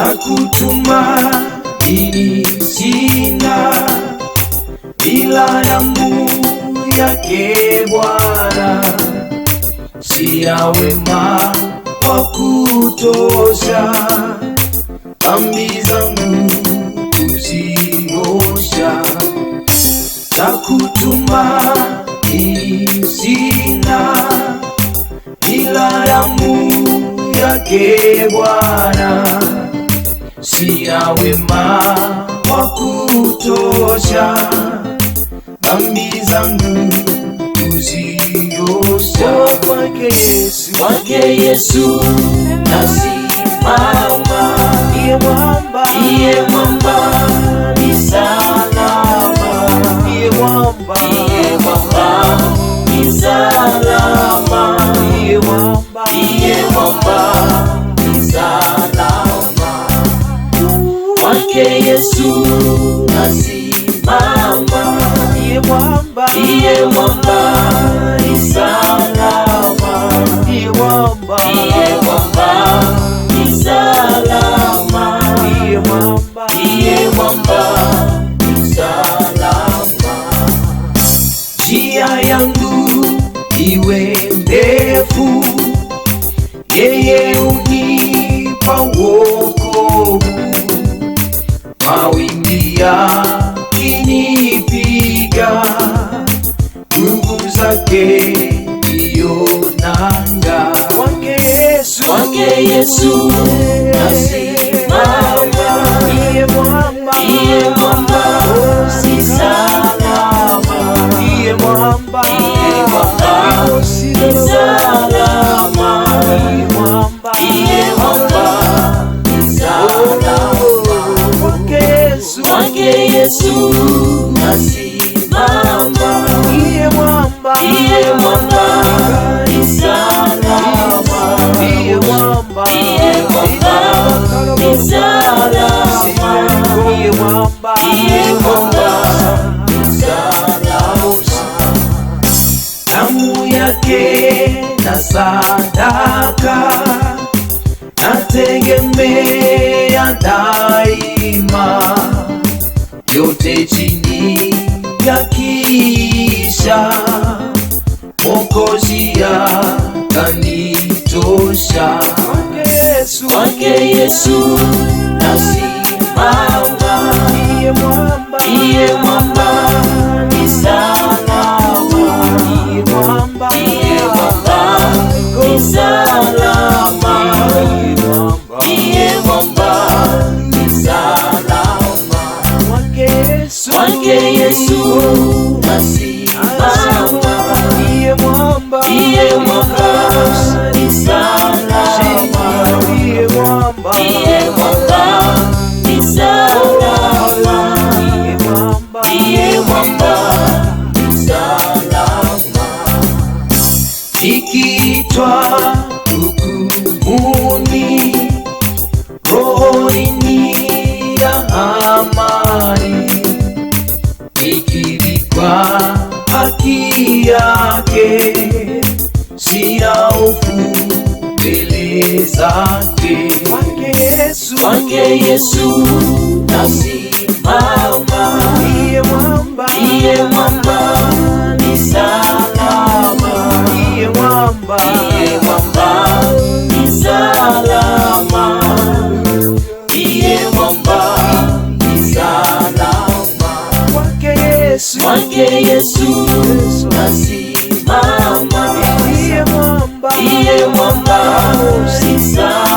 za kutumaini sina bila damu yake Bwana, sina wema wa kutosha, dhambi zangu kuziosha, za kutumaini sina bila damu yake Bwana siya wema wa kutosha, dhambi zangu uziosha. Kwake Yesu nasimama, iye mwamba mwamba ni salama, iye mwamba mwamba ni salama, mwamba, iye mwamba ni salama Kwake Yesu nasimama, iye mwamba, iye mwamba wake ndiyo nanga wake Yesu, wake Yesu. damu yake na sadaka nategemea daima, yote chini ya kisha Mwokozi akanitosha kwake Yesu nasimama, iye mwamba naitwa Dukumuni, roho ni ya amani, nikivikwa haki yake, sina hofu mbele zake. Kwake Yesu nasimama, ndiye mwamba Mwake Yesu nasimama, iye mwamba, iye mwamba, usisa